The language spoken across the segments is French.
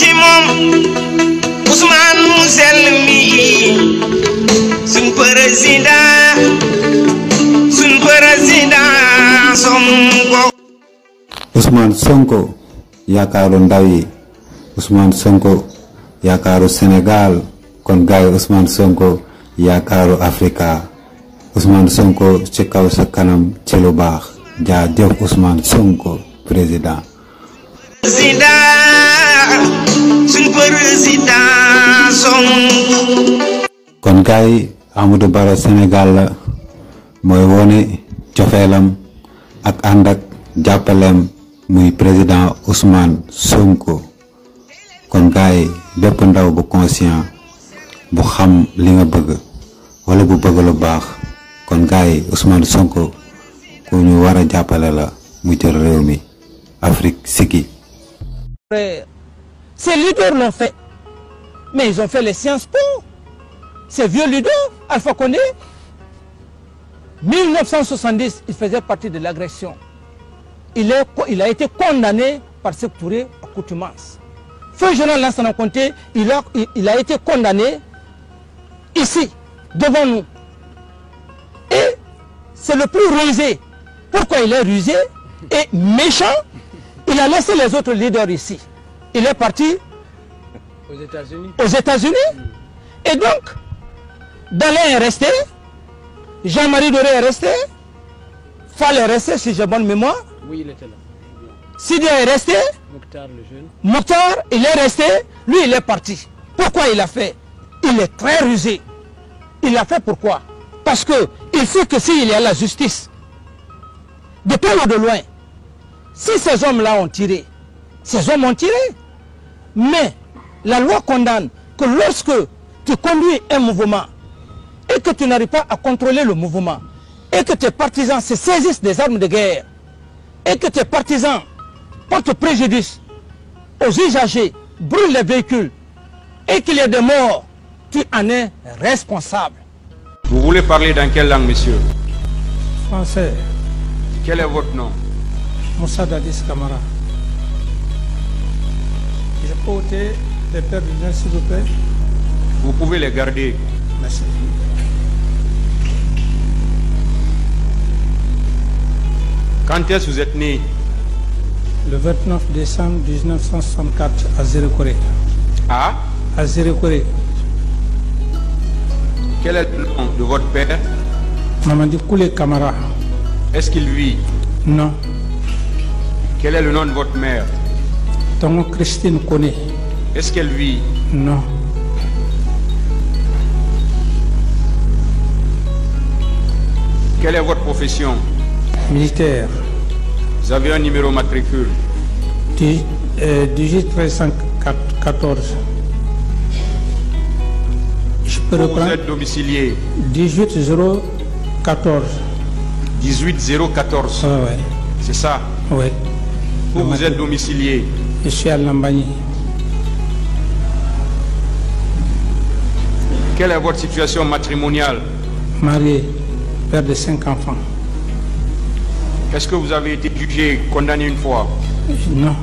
ci moom Ousmane mu sell mi président suñ président Sonko Ousmane Sonko yaakaaru ndaw yi Ousmane Sonko yaakaaru Sénégal kon gaay Ousmane Sonko ya Afrika Ousmane Sonko ci kaw sa kanam ci lu ja def Ousmane Sonko président kon kay amadou bara senegal moy woné ciofelam ak andak jappalem muy président ousmane sonko kon kay bepp ndaw bu conscient bu xam li nga bëgg wala bu bëgg lu baax kon kay ousmane sonko ko ñu wara jappalé la mu jël rew mi afrique siki Ces leaders l'ont fait. Mais ils ont fait les sciences pour. Ces vieux leaders, Alpha Condé, 1970, il faisait partie de l'agression. Il, il a été condamné par ce pourri accoutumance. Feu Général Lansana Conté, il a, il, il a été condamné ici, devant nous. Et c'est le plus rusé. Pourquoi il est rusé et méchant laisser laissé les autres leaders ici. Il est parti aux États-Unis. Aux États-Unis. Et donc, Dalin est resté, Jean-Marie Doré est resté, Fall est resté, si j'ai bonne mémoire. Oui, il était là. Sidia est resté. Mokhtar, le jeune. Mokhtar, il est resté. Lui, il est parti. Pourquoi il a fait Il est très rusé. Il a fait pourquoi Parce que il sait que s'il y a la justice, de près ou de loin, si ces hommes-là ont tiré, ces hommes ont tiré. Mais la loi condamne que lorsque tu conduis un mouvement et que tu n'arrives pas à contrôler le mouvement et que tes partisans se saisissent des armes de guerre et que tes partisans portent préjudice aux usagers, brûlent les véhicules et qu'il y ait des morts, tu en es responsable. Vous voulez parler dans quelle langue, monsieur Français. Quel est votre nom Moussa Dadis Camara. Je peux ôter les pères de s'il vous plaît Vous pouvez les garder. Merci. Quand est-ce que vous êtes né Le 29 décembre 1964 à Zéro-Corée. Ah À Corée. Quel est le nom de votre père dit Koulé Camara. Est-ce qu'il vit Non. Quel est le nom de votre mère Ton Christine connaît. Est-ce qu'elle vit Non. Quelle est votre profession Militaire. Vous avez un numéro matricule 18 euh, Je peux reconnaître. Vous êtes domicilié 18014. 18014 ah C'est ça Oui vous êtes domicilié Je suis à Lambani. Quelle est votre situation matrimoniale Marié, père de cinq enfants. Est-ce que vous avez été jugé, condamné une fois Non,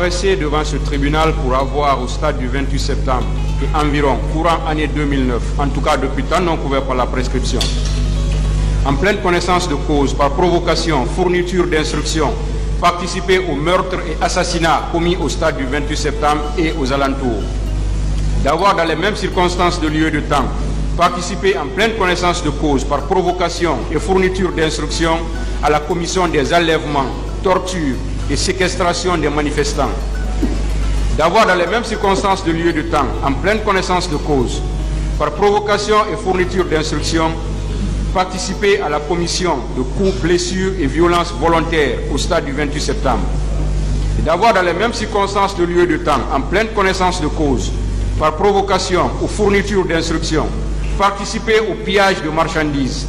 devant ce tribunal pour avoir au stade du 28 septembre environ courant année 2009, en tout cas depuis tant non couvert par la prescription, en pleine connaissance de cause, par provocation, fourniture d'instructions, participer au meurtre et assassinat commis au stade du 28 septembre et aux alentours, d'avoir dans les mêmes circonstances de lieu et de temps participé en pleine connaissance de cause par provocation et fourniture d'instructions à la commission des enlèvements, tortures, et séquestration des manifestants, d'avoir dans les mêmes circonstances de lieu de temps, en pleine connaissance de cause, par provocation et fourniture d'instructions, participé à la commission de coups, blessures et violences volontaires au stade du 28 septembre, et d'avoir dans les mêmes circonstances de lieu de temps, en pleine connaissance de cause, par provocation ou fourniture d'instructions, participé au pillage de marchandises,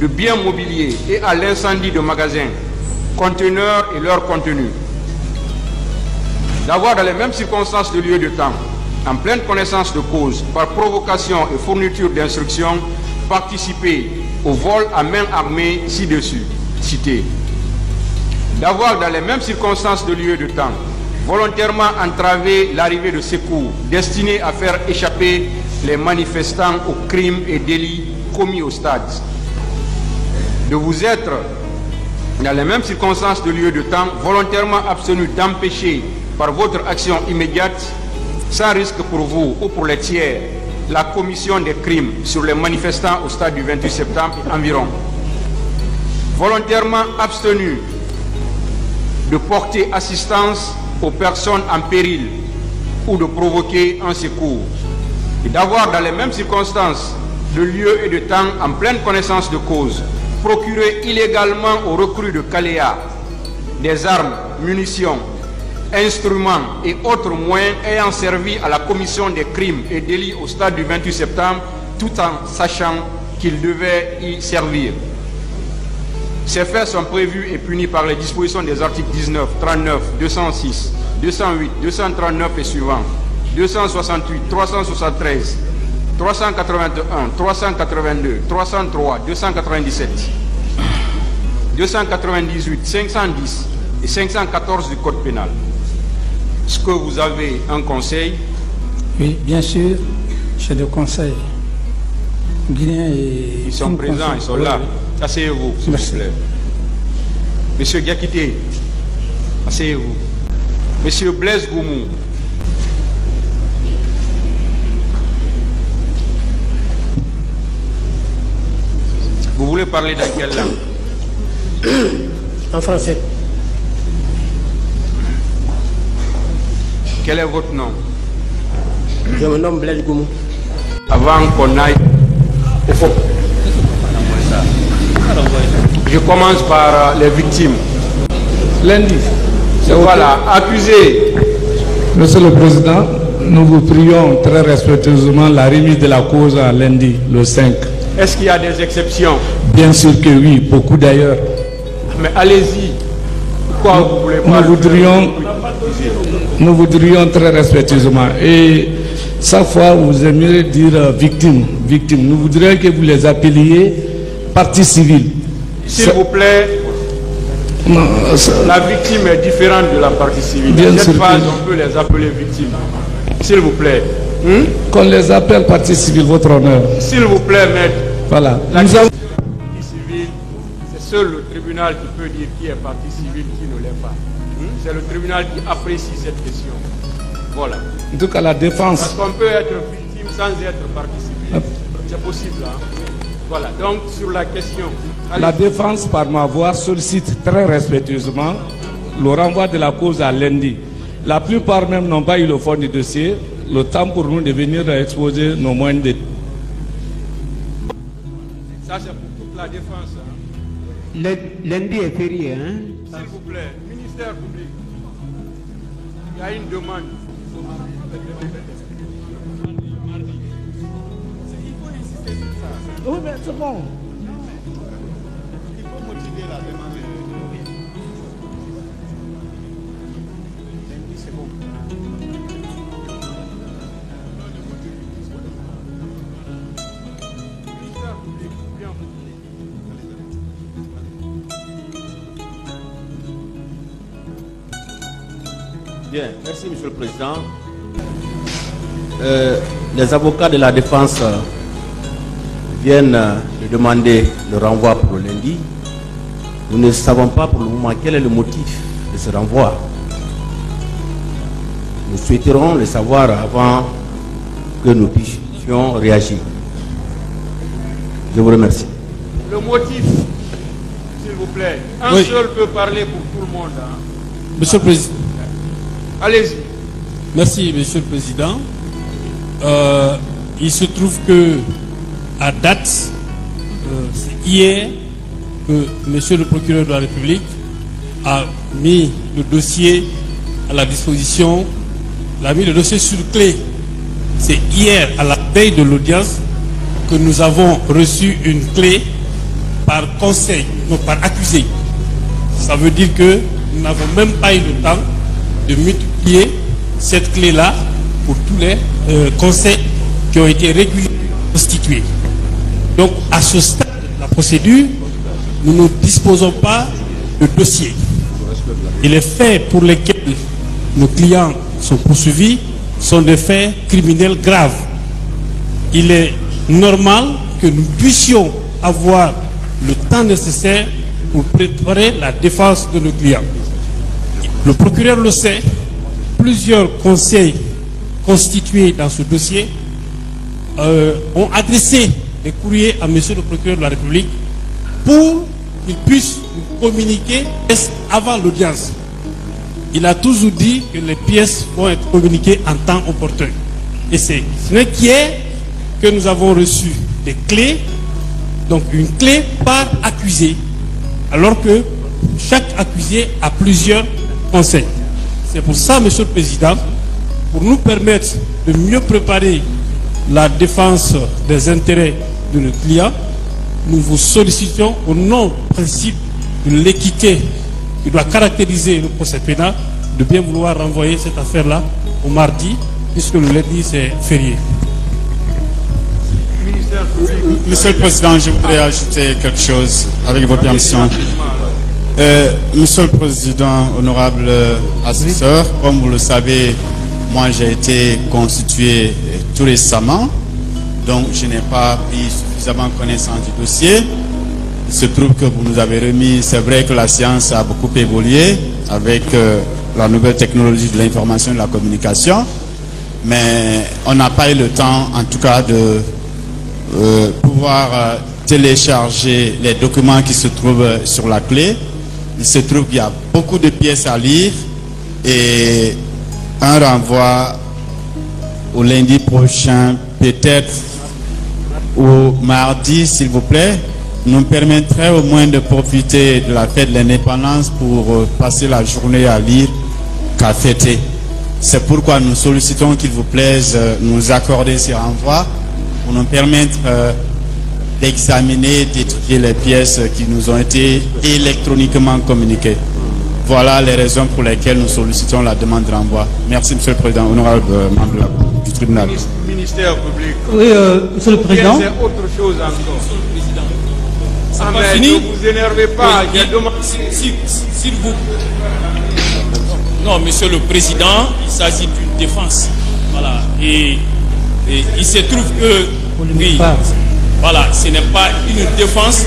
de biens mobiliers et à l'incendie de magasins conteneurs et leur contenu. D'avoir dans les mêmes circonstances de lieu de temps, en pleine connaissance de cause, par provocation et fourniture d'instructions, participé au vol à main armée ci-dessus, cité. D'avoir dans les mêmes circonstances de lieu de temps, volontairement entravé l'arrivée de secours destinés à faire échapper les manifestants aux crimes et délits commis au stade. De vous être dans les mêmes circonstances de lieu de temps, volontairement abstenu d'empêcher par votre action immédiate, sans risque pour vous ou pour les tiers, la commission des crimes sur les manifestants au stade du 28 septembre environ. Volontairement abstenu de porter assistance aux personnes en péril ou de provoquer un secours. Et d'avoir dans les mêmes circonstances de lieu et de temps en pleine connaissance de cause procurer illégalement aux recrues de Kalea des armes, munitions, instruments et autres moyens ayant servi à la commission des crimes et délits au stade du 28 septembre, tout en sachant qu'ils devaient y servir. Ces faits sont prévus et punis par les dispositions des articles 19, 39, 206, 208, 239 et suivants, 268, 373, 381, 382, 303, 297, 298, 510 et 514 du Code pénal. Est-ce que vous avez un conseil Oui, bien sûr, j'ai le conseil. et... Ils sont présents, ils sont là. Asseyez-vous, s'il vous plaît. Monsieur Gakité, asseyez-vous. Monsieur Blaise Goumou, Vous voulez parler dans quelle langue En français. Quel est votre nom Je me nomme Blaise Avant qu'on aille au fond, je commence par euh, les victimes. Lundi. Voilà, accusé. Monsieur le Président, nous vous prions très respectueusement la remise de la cause à lundi, le 5. Est-ce qu'il y a des exceptions Bien sûr que oui, beaucoup d'ailleurs. Mais allez-y. Pourquoi vous voulez pas nous voudrions, nous voudrions très respectueusement. Et chaque fois, vous aimeriez dire euh, victime, victime. Nous voudrions que vous les appeliez partie civile. S'il vous plaît, La victime est différente de la partie civile. Dans cette on peut les appeler victimes. S'il vous plaît. Qu'on les appelle partie civile, votre honneur. S'il vous plaît, maître. Voilà. La civile, c'est seul le tribunal qui peut dire qui est partie civile, qui ne l'est pas. C'est le tribunal qui apprécie cette question. Voilà. En tout cas, la défense. Parce qu'on peut être victime sans être partie civile. Ah. C'est possible. Hein? Voilà. Donc, sur la question. La défense, par ma voix, sollicite très respectueusement le renvoi de la cause à lundi. La plupart même n'ont pas eu le fond du dossier le temps pour nous de venir exposer nos moyens de... Ça, c'est pour toute la défense. Hein. Lundi est férié. Hein? S'il vous plaît, ministère public, il y a une demande. Oui, mais c'est bon. merci Monsieur le Président. Euh, les avocats de la défense euh, viennent euh, de demander le renvoi pour lundi. Nous ne savons pas pour le moment quel est le motif de ce renvoi. Nous souhaiterons le savoir avant que nous puissions réagir. Je vous remercie. Le motif, s'il vous plaît. Un seul peut parler pour tout le monde. Hein. Monsieur le Président. Allez-y. Merci, Monsieur le Président. Euh, il se trouve que, à date, c'est euh, hier, que Monsieur le procureur de la République a mis le dossier à la disposition, l'a mis le dossier sur clé. C'est hier, à la veille de l'audience, que nous avons reçu une clé par conseil, non par accusé. Ça veut dire que nous n'avons même pas eu le temps de mutualiser cette clé-là pour tous les euh, conseils qui ont été régulièrement constitués. Donc, à ce stade de la procédure, nous ne disposons pas de dossier. Et les faits pour lesquels nos clients sont poursuivis sont des faits criminels graves. Il est normal que nous puissions avoir le temps nécessaire pour préparer la défense de nos clients. Le procureur le sait, plusieurs conseils constitués dans ce dossier euh, ont adressé des courriers à Monsieur le procureur de la République pour qu'il puisse nous communiquer avant l'audience. Il a toujours dit que les pièces vont être communiquées en temps opportun. Et c'est ce qui est que nous avons reçu des clés, donc une clé par accusé, alors que chaque accusé a plusieurs conseils. C'est pour ça, Monsieur le Président, pour nous permettre de mieux préparer la défense des intérêts de nos clients, nous vous sollicitons au nom du principe de l'équité qui doit caractériser le procès pénal de bien vouloir renvoyer cette affaire-là au mardi, puisque le lundi c'est férié. Monsieur le Président, je voudrais ajouter quelque chose avec votre permission. Monsieur le Président, honorable euh, assesseur, comme vous le savez, moi j'ai été constitué euh, tout récemment, donc je n'ai pas pris suffisamment connaissance du dossier. Il se trouve que vous nous avez remis, c'est vrai que la science a beaucoup évolué avec euh, la nouvelle technologie de l'information et de la communication, mais on n'a pas eu le temps en tout cas de pouvoir télécharger les documents qui se trouvent sur la clé il se trouve qu'il y a beaucoup de pièces à lire et un renvoi au lundi prochain, peut-être au mardi, s'il vous plaît, nous permettrait au moins de profiter de la fête de l'indépendance pour euh, passer la journée à lire qu'à fêter. C'est pourquoi nous sollicitons qu'il vous plaise euh, nous accorder ce renvoi pour nous permettre euh, d'examiner, d'étudier les pièces qui nous ont été électroniquement communiquées. Voilà les raisons pour lesquelles nous sollicitons la demande de renvoi. Merci, M. le Président, honorable euh, membre du tribunal. Ministère public. Oui, euh, Monsieur le Président. C'est autre chose encore. Ah, mais Ne vous énervez pas. Oui, S'il si, vous... Non, Monsieur le Président, il s'agit d'une défense. Voilà. Et, et il se trouve que... Oui, voilà, ce n'est pas une défense.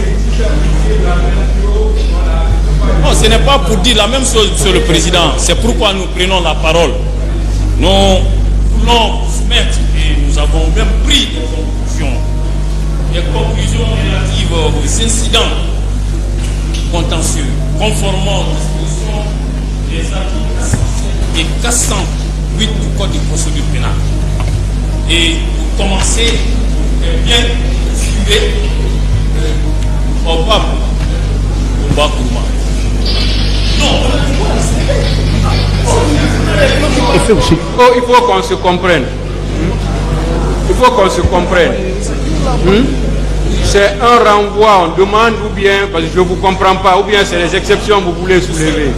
Non, ce n'est pas pour dire la même chose, sur le Président. C'est pourquoi nous prenons la parole. Nous voulons soumettre et nous avons même pris des conclusions. Des conclusions relatives aux incidents contentieux, conformant aux dispositions des articles et 408 du Code de procédure pénale. Et pour commencer, eh bien, eh, au Non. Oh, il faut qu'on se comprenne. Hmm? Il faut qu'on se comprenne. C'est hmm? un renvoi, on demande ou bien, parce que je ne vous comprends pas, ou bien c'est les exceptions que vous voulez soulever.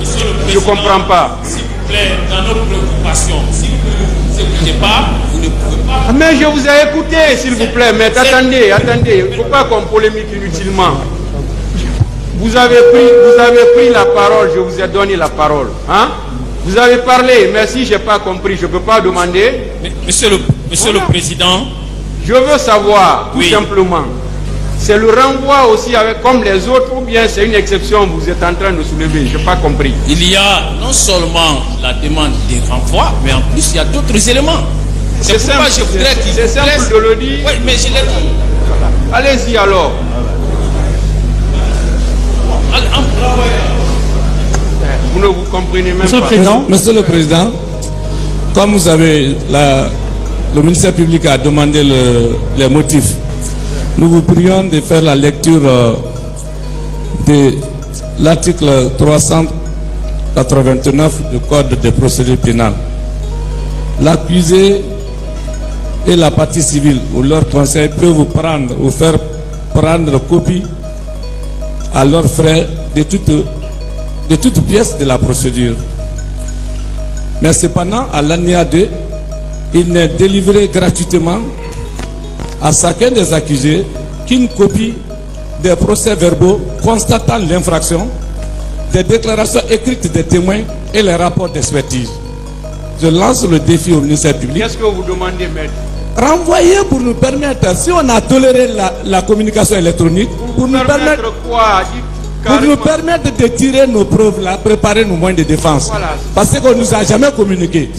Je ne comprends pas. S'il vous plaît, dans nos préoccupations, si vous ne vous écoutez pas, ah, mais je vous ai écouté, s'il vous plaît. Mais attendez, attendez. Il ne faut pas qu'on polémique inutilement. Vous avez, pris, vous avez pris la parole, je vous ai donné la parole. Hein? Vous avez parlé, merci, si je n'ai pas compris, je ne peux pas demander. monsieur le, monsieur le Président. Je veux savoir, tout simplement, c'est le renvoi aussi avec, comme les autres ou bien c'est une exception vous êtes en train de soulever Je n'ai pas compris. Il y a non seulement la demande des renvois, mais en plus il y a d'autres éléments. C'est ça simple, je voudrais qu'il C'est simple de le dire. Oui, mais je l'ai dit. Allez-y alors. Vous ne vous comprenez même pas. Monsieur le Président, comme vous avez le ministère public a demandé les motifs, nous vous prions de faire la lecture euh, de l'article 389 du Code des procédures pénales. L'accusé et la partie civile ou leur conseil peut vous prendre ou faire prendre copie à leurs frais de toutes de toute pièce de la procédure. Mais cependant, à l'année 2, il n'est délivré gratuitement à chacun des accusés qu'une copie des procès-verbaux constatant l'infraction, des déclarations écrites des témoins et les rapports d'expertise. Je lance le défi au ministère public. Qu'est-ce que vous demandez, maître renvoyer pour nous permettre, si on a toléré la, communication électronique, pour, nous permettre, de tirer nos preuves là, préparer nos moyens de défense. Parce qu'on ne nous a jamais communiqué.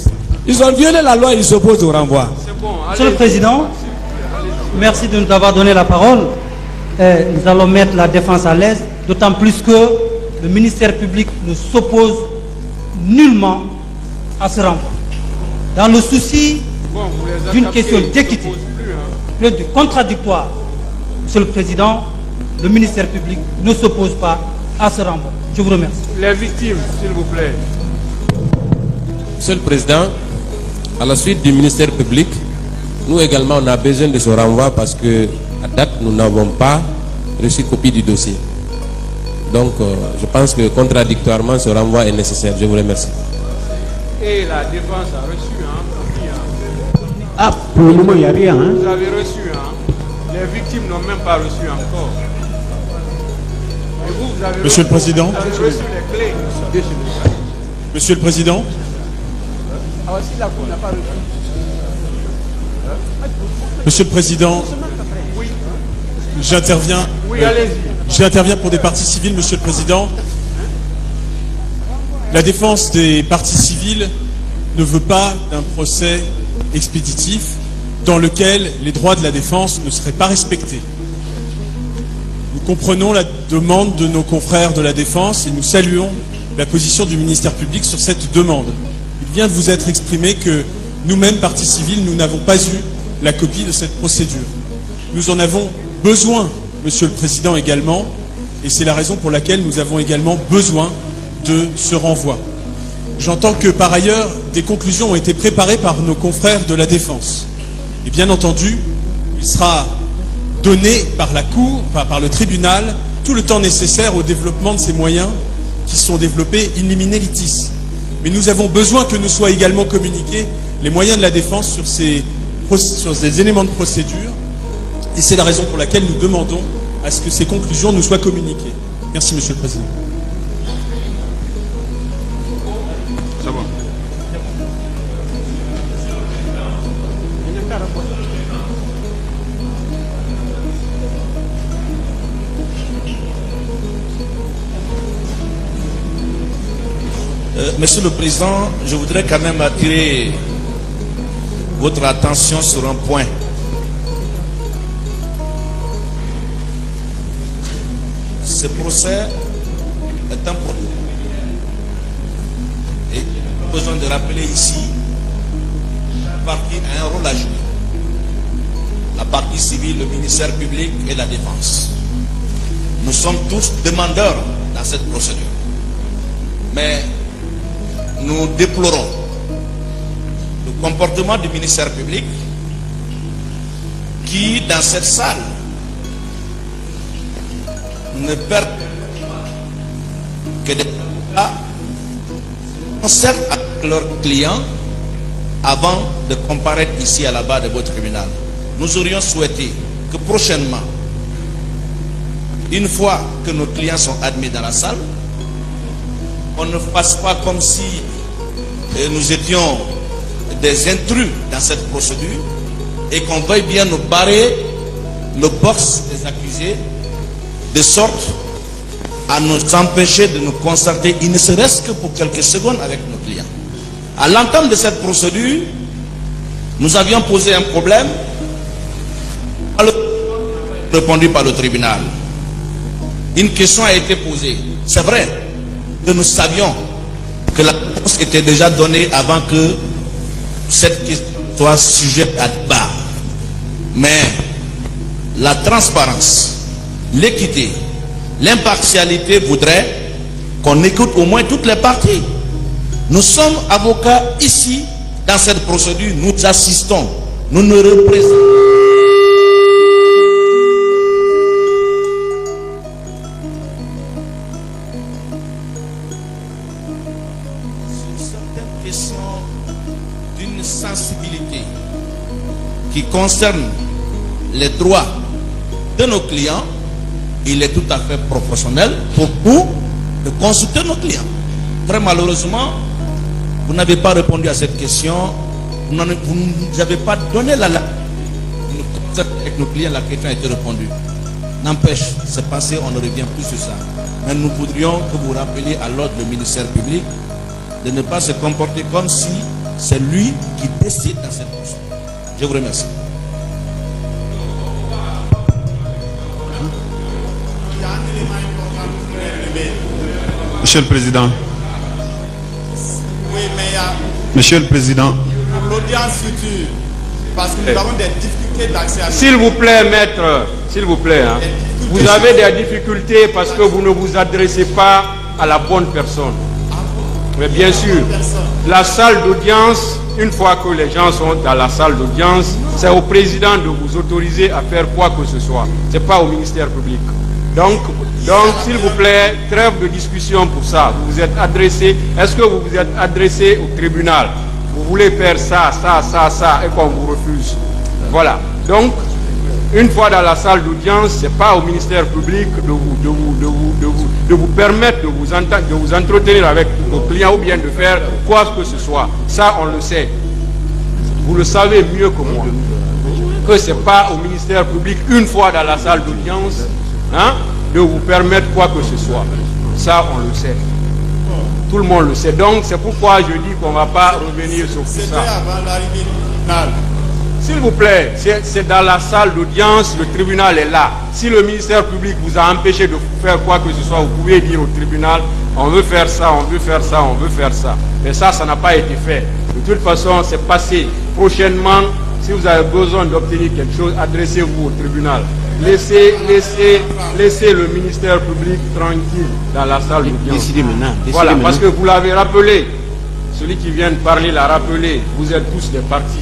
Ils ont violé la loi, ils s'opposent au renvoi. Monsieur le Président, merci de nous avoir donné la parole. Eh, nous allons mettre la défense à l'aise, d'autant plus que le ministère public ne s'oppose nullement à ce renvoi. Dans le souci d'une question d'équité, de contradictoire. Monsieur le Président, le ministère public ne s'oppose pas à ce renvoi. Je vous remercie. Les victimes, s'il vous plaît. Monsieur le Président, à la suite du ministère public, nous également, on a besoin de ce renvoi parce que, à date, nous n'avons pas reçu copie du dossier. Donc, euh, je pense que contradictoirement, ce renvoi est nécessaire. Je vous remercie. Et la défense a reçu ah, pour le moment, il n'y a rien. Hein. Vous avez reçu, hein? Les victimes n'ont même pas reçu encore. Et vous, vous avez Monsieur reçu, le Président les clés. Monsieur le Président ah, si la n'a pas reçu. Monsieur le Président, j'interviens. Oui, allez-y. j'interviens pour des parties civiles, Monsieur le Président. La défense des parties civiles ne veut pas d'un procès expéditif dans lequel les droits de la défense ne seraient pas respectés. Nous comprenons la demande de nos confrères de la défense et nous saluons la position du ministère public sur cette demande. Il vient de vous être exprimé que nous-mêmes, Parti civil, nous n'avons pas eu la copie de cette procédure. Nous en avons besoin, Monsieur le Président, également, et c'est la raison pour laquelle nous avons également besoin de ce renvoi. J'entends que par ailleurs, des conclusions ont été préparées par nos confrères de la Défense. Et bien entendu, il sera donné par la Cour, par le tribunal, tout le temps nécessaire au développement de ces moyens qui sont développés in litis. Mais nous avons besoin que nous soient également communiqués les moyens de la défense sur ces, éléments de procédure. Et c'est la raison pour laquelle nous demandons à ce que ces conclusions nous soient communiquées. Merci, Monsieur le Président. Monsieur le Président, je voudrais quand même attirer votre attention sur un point. Ce procès est un procès. Et besoin de rappeler ici, le partie a un rôle à jouer. La partie civile, le ministère public et la défense. Nous sommes tous demandeurs dans cette procédure. Mais nous déplorons le comportement du ministère public qui, dans cette salle, ne perd que des cas concernent leurs clients avant de comparaître ici à la barre de votre tribunal. Nous aurions souhaité que prochainement, une fois que nos clients sont admis dans la salle, on ne fasse pas comme si euh, nous étions des intrus dans cette procédure et qu'on veuille bien nous barrer le box des accusés de sorte à nous empêcher de nous concerter, il ne serait-ce que pour quelques secondes avec nos clients. À l'entente de cette procédure, nous avions posé un problème répondu par le tribunal. Une question a été posée. C'est vrai, nous savions que la réponse était déjà donnée avant que cette question soit sujette à débat. Mais la transparence, l'équité, l'impartialité voudraient qu'on écoute au moins toutes les parties. Nous sommes avocats ici, dans cette procédure, nous assistons, nous nous représentons concerne les droits de nos clients, il est tout à fait professionnel pour vous de consulter nos clients. Très malheureusement, vous n'avez pas répondu à cette question, vous n'avez pas donné la, la avec nos clients, la question a été répondue. N'empêche, c'est passé, on ne revient plus sur ça. Mais nous voudrions que vous rappeliez à l'ordre du ministère public de ne pas se comporter comme si c'est lui qui décide dans cette question. Je vous remercie. Monsieur le Président. Monsieur le Président. S'il vous plaît, maître, s'il vous plaît, hein. vous avez des difficultés parce que vous ne vous adressez pas à la bonne personne. Mais bien sûr, la salle d'audience, une fois que les gens sont dans la salle d'audience, c'est au président de vous autoriser à faire quoi que ce soit. Ce n'est pas au ministère public. Donc, donc, s'il vous plaît, trêve de discussion pour ça. Vous vous êtes adressé, est-ce que vous vous êtes adressé au tribunal Vous voulez faire ça, ça, ça, ça, et qu'on vous refuse. Voilà. Donc, une fois dans la salle d'audience, ce n'est pas au ministère public de vous, de permettre de vous, de vous entretenir avec vos clients ou bien de faire quoi que ce soit. Ça, on le sait. Vous le savez mieux que moi. Que ce n'est pas au ministère public, une fois dans la salle d'audience, hein, de vous permettre quoi que ce soit. Ça, on le sait. Tout le monde le sait. Donc, c'est pourquoi je dis qu'on ne va pas revenir sur tout ça. S'il vous plaît, c'est dans la salle d'audience, le tribunal est là. Si le ministère public vous a empêché de faire quoi que ce soit, vous pouvez dire au tribunal, on veut faire ça, on veut faire ça, on veut faire ça. Mais ça, ça n'a pas été fait. De toute façon, c'est passé. Prochainement, si vous avez besoin d'obtenir quelque chose, adressez-vous au tribunal. Laissez, laissez, laissez le ministère public tranquille dans la salle d'audience. Décidez maintenant. Décidez voilà, parce que vous l'avez rappelé. Celui qui vient de parler l'a rappelé. Vous êtes tous des partis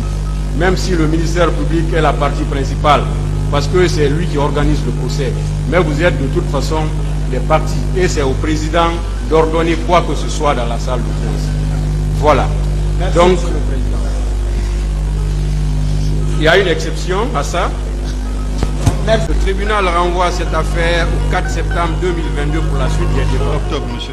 même si le ministère public est la partie principale, parce que c'est lui qui organise le procès. Mais vous êtes de toute façon des partis et c'est au président d'ordonner quoi que ce soit dans la salle de presse. Voilà. Donc, il y a une exception à ça. Le tribunal renvoie cette affaire au 4 septembre 2022 pour la suite des Octobre, monsieur.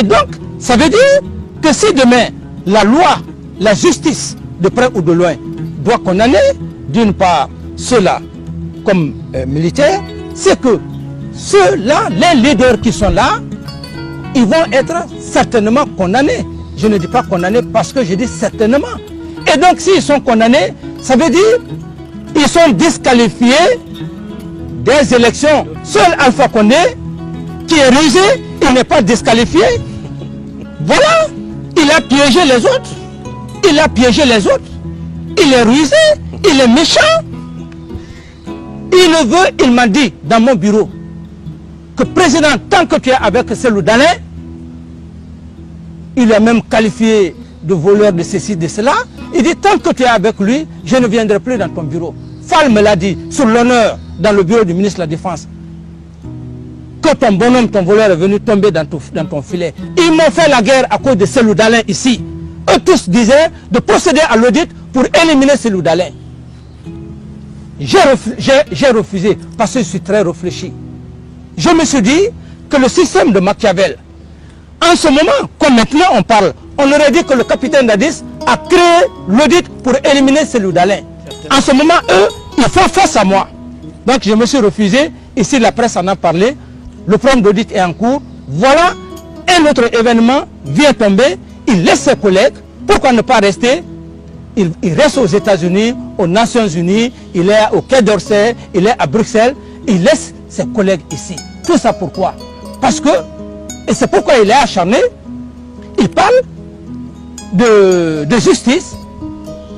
Et donc, ça veut dire que si demain, la loi, la justice, de près ou de loin, doit condamner, d'une part, ceux-là comme euh, militaires, c'est que ceux-là, les leaders qui sont là, ils vont être certainement condamnés. Je ne dis pas condamnés parce que je dis certainement. Et donc, s'ils sont condamnés, ça veut dire qu'ils sont disqualifiés des élections. Seul Alpha Condé, qui est rusé, il n'est pas disqualifié. Voilà, il a piégé les autres. Il a piégé les autres. Il est rusé, il est méchant. Il veut, il m'a dit dans mon bureau que président, tant que tu es avec celui d'Alain, il est même qualifié de voleur de ceci, de cela. Il dit, tant que tu es avec lui, je ne viendrai plus dans ton bureau. Fall me l'a dit, sur l'honneur, dans le bureau du ministre de la Défense ton bonhomme, ton voleur est venu tomber dans ton, filet. Ils m'ont fait la guerre à cause de ces d'Alain ici. Eux tous disaient de procéder à l'audit pour éliminer ces d'Alain J'ai refusé parce que je suis très réfléchi. Je me suis dit que le système de Machiavel, en ce moment, comme maintenant on parle, on aurait dit que le capitaine Dadis a créé l'audit pour éliminer ces d'Alain En ce moment, eux, ils font face à moi. Donc je me suis refusé, ici la presse en a parlé, le programme d'audit est en cours, voilà, un autre événement vient tomber, il laisse ses collègues, pourquoi ne pas rester il, reste aux États-Unis, aux Nations Unies, il est au Quai d'Orsay, il est à Bruxelles, il laisse ses collègues ici. Tout ça pourquoi Parce que, et c'est pourquoi il est acharné, il parle de, de justice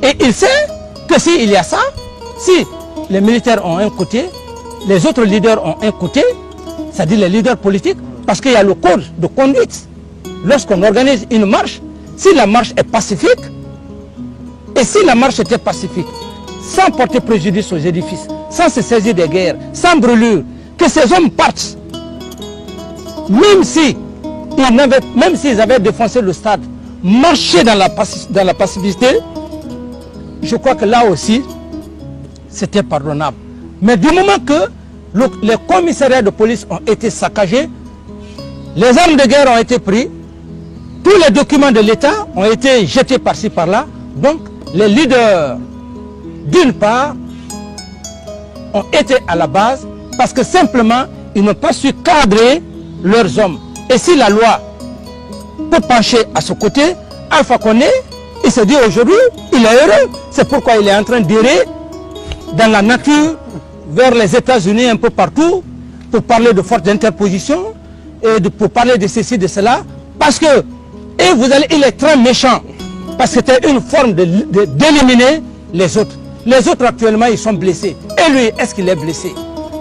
et il sait que s'il y a ça, si les militaires ont un côté, les autres leaders ont un côté, c'est-à-dire les leaders politiques, parce qu'il y a le code de conduite. Lorsqu'on organise une marche, si la marche est pacifique, et si la marche était pacifique, sans porter préjudice aux édifices, sans se saisir des guerres, sans brûlure, que ces hommes partent, même si ils avaient, même s'ils avaient défoncé le stade, marcher dans la, dans la passivité, je crois que là aussi, c'était pardonnable. Mais du moment que les commissariats de police ont été saccagés, les armes de guerre ont été prises, tous les documents de l'État ont été jetés par-ci par-là. Donc les leaders, d'une part, ont été à la base parce que simplement, ils n'ont pas su cadrer leurs hommes. Et si la loi peut pencher à ce côté, Alpha Kone, il se dit aujourd'hui, il est heureux. C'est pourquoi il est en train d'errer dans la nature vers les États-Unis un peu partout pour parler de fortes d'interposition, et pour parler de ceci, de cela. Parce que, et vous allez, il est très méchant. Parce que c'était une forme d'éliminer de, les autres. Les autres actuellement, ils sont blessés. Et lui, est-ce qu'il est blessé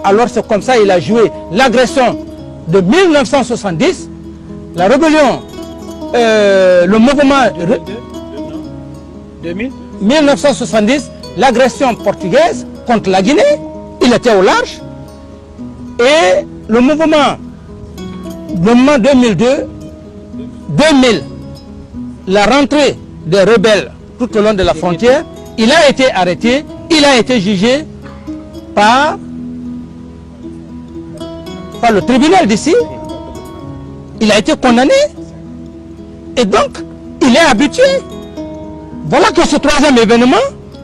Alors c'est comme ça, il a joué l'agression de 1970, la rébellion, euh, le mouvement... 1970, l'agression portugaise contre la Guinée, était au large. Et le mouvement, mouvement 2002, 2000, la rentrée des rebelles tout au long de la frontière, il a été arrêté, il a été jugé par, par le tribunal d'ici. Il a été condamné. Et donc, il est habitué. Voilà que ce troisième événement,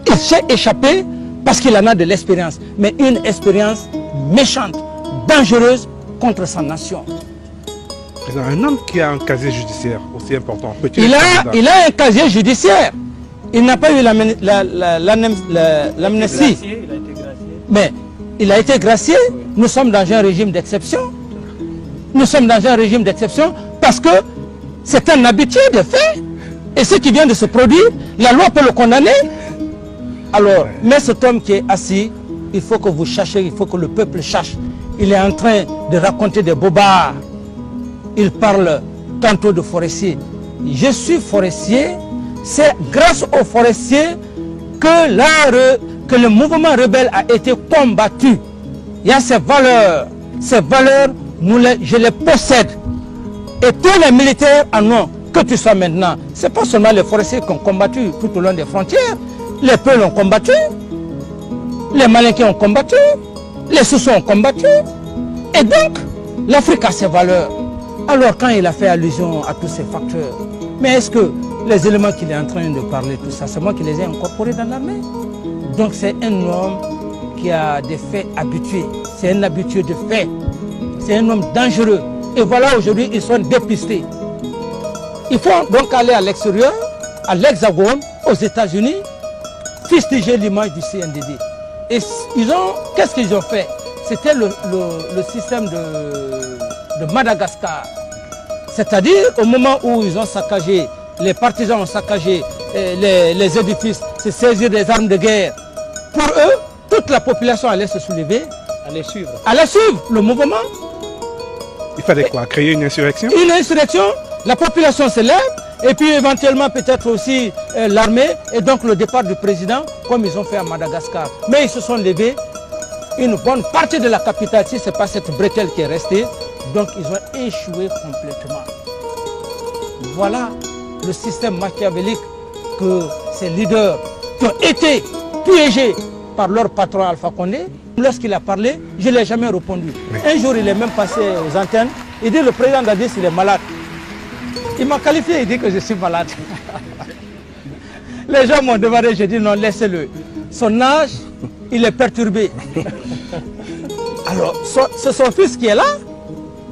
il s'est échappé parce qu'il en a de l'expérience, mais une expérience méchante, dangereuse contre sa nation. Un homme qui a un casier judiciaire aussi important. Il a, il a un casier judiciaire. Il n'a pas eu l'amnestie. La, mais il a été gracié. Nous sommes dans un régime d'exception. Nous sommes dans un régime d'exception parce que c'est un habitué de fait. Et ce qui vient de se produire, la loi peut le condamner, alors, mais cet homme qui est assis, il faut que vous cherchiez, il faut que le peuple cherche. Il est en train de raconter des bobards. Il parle tantôt de forestiers. Je suis forestier. C'est grâce aux forestiers que, que le mouvement rebelle a été combattu. Il y a ces valeurs. Ces valeurs, je les possède. Et tous les militaires en ont. Que tu sois maintenant, ce n'est pas seulement les forestiers qui ont combattu tout au long des frontières, les peuples ont combattu, les Malinqués ont combattu, les sous-sous ont combattu. Et donc, l'Afrique a ses valeurs. Alors quand il a fait allusion à tous ces facteurs, mais est-ce que les éléments qu'il est en train de parler, tout ça, c'est moi qui les ai incorporés dans l'armée Donc c'est un homme qui a des faits habitués, c'est un habitué de fait, c'est un homme dangereux. Et voilà, aujourd'hui, ils sont dépistés. Il faut donc aller à l'extérieur, à l'Hexagone, aux États-Unis, Fistiger l'image du CNDD. Et ils ont, qu'est-ce qu'ils ont fait C'était le, système de, Madagascar. C'est-à-dire au moment où ils ont saccagé, les partisans ont saccagé euh, les, les édifices, se saisir des armes de guerre. Pour eux, toute la population allait se soulever. Allait suivre. Allait suivre le mouvement. Il fallait quoi Créer une insurrection Une insurrection, la population s'élève et puis éventuellement peut-être aussi euh, l'armée, et donc le départ du président, comme ils ont fait à Madagascar. Mais ils se sont levés, une bonne partie de la capitale, si ce n'est pas cette bretelle qui est restée, donc ils ont échoué complètement. Voilà le système machiavélique que ces leaders qui ont été piégés par leur patron Alpha Condé, lorsqu'il a parlé, je ne l'ai jamais répondu. Un jour, il est même passé aux antennes, et dit le président Dadis, il est malade. Il m'a qualifié, il dit que je suis malade. Les gens m'ont demandé, j'ai dit non, laissez-le. Son âge, il est perturbé. Alors, c'est son fils qui est là.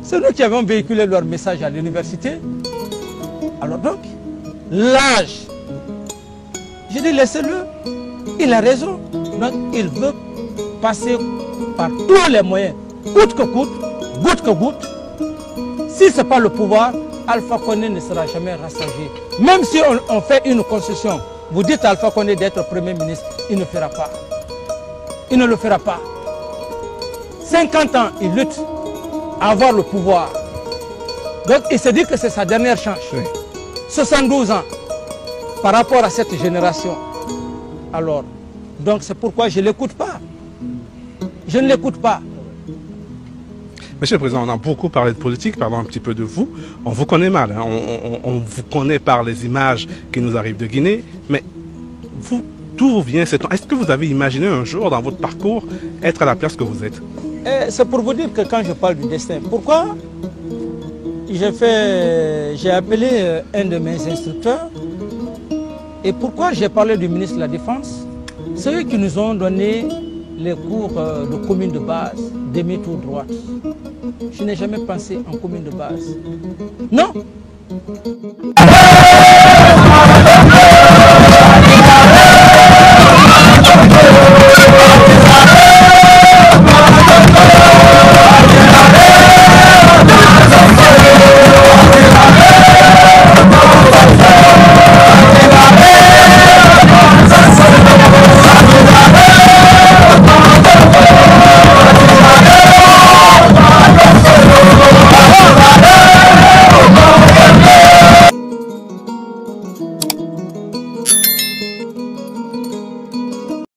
C'est nous qui avons véhiculé leur message à l'université. Alors donc, l'âge, j'ai dit laissez-le. Il a raison. Donc, il veut passer par tous les moyens, coûte que coûte, goutte que goutte. Si ce n'est pas le pouvoir, Alpha Condé ne sera jamais rassasié. Même si on, fait une concession, vous dites à Alpha Condé d'être Premier ministre, il ne fera pas. Il ne le fera pas. 50 ans, il lutte à avoir le pouvoir. Donc il se dit que c'est sa dernière chance. 72 ans par rapport à cette génération. Alors, donc c'est pourquoi je ne l'écoute pas. Je ne l'écoute pas. Monsieur le Président, on a beaucoup parlé de politique, parlons un petit peu de vous. On vous connaît mal, hein. on, vous connaît par les images qui nous arrivent de Guinée, mais vous, d'où vient cette... Est-ce que vous avez imaginé un jour dans votre parcours être à la place que vous êtes eh, C'est pour vous dire que quand je parle du destin, pourquoi j'ai fait, j'ai appelé euh, un de mes instructeurs et pourquoi j'ai parlé du ministre de la Défense C'est eux qui nous ont donné les cours euh, de commune de base, demi-tour droite. Je n'ai jamais pensé en commune de base. Non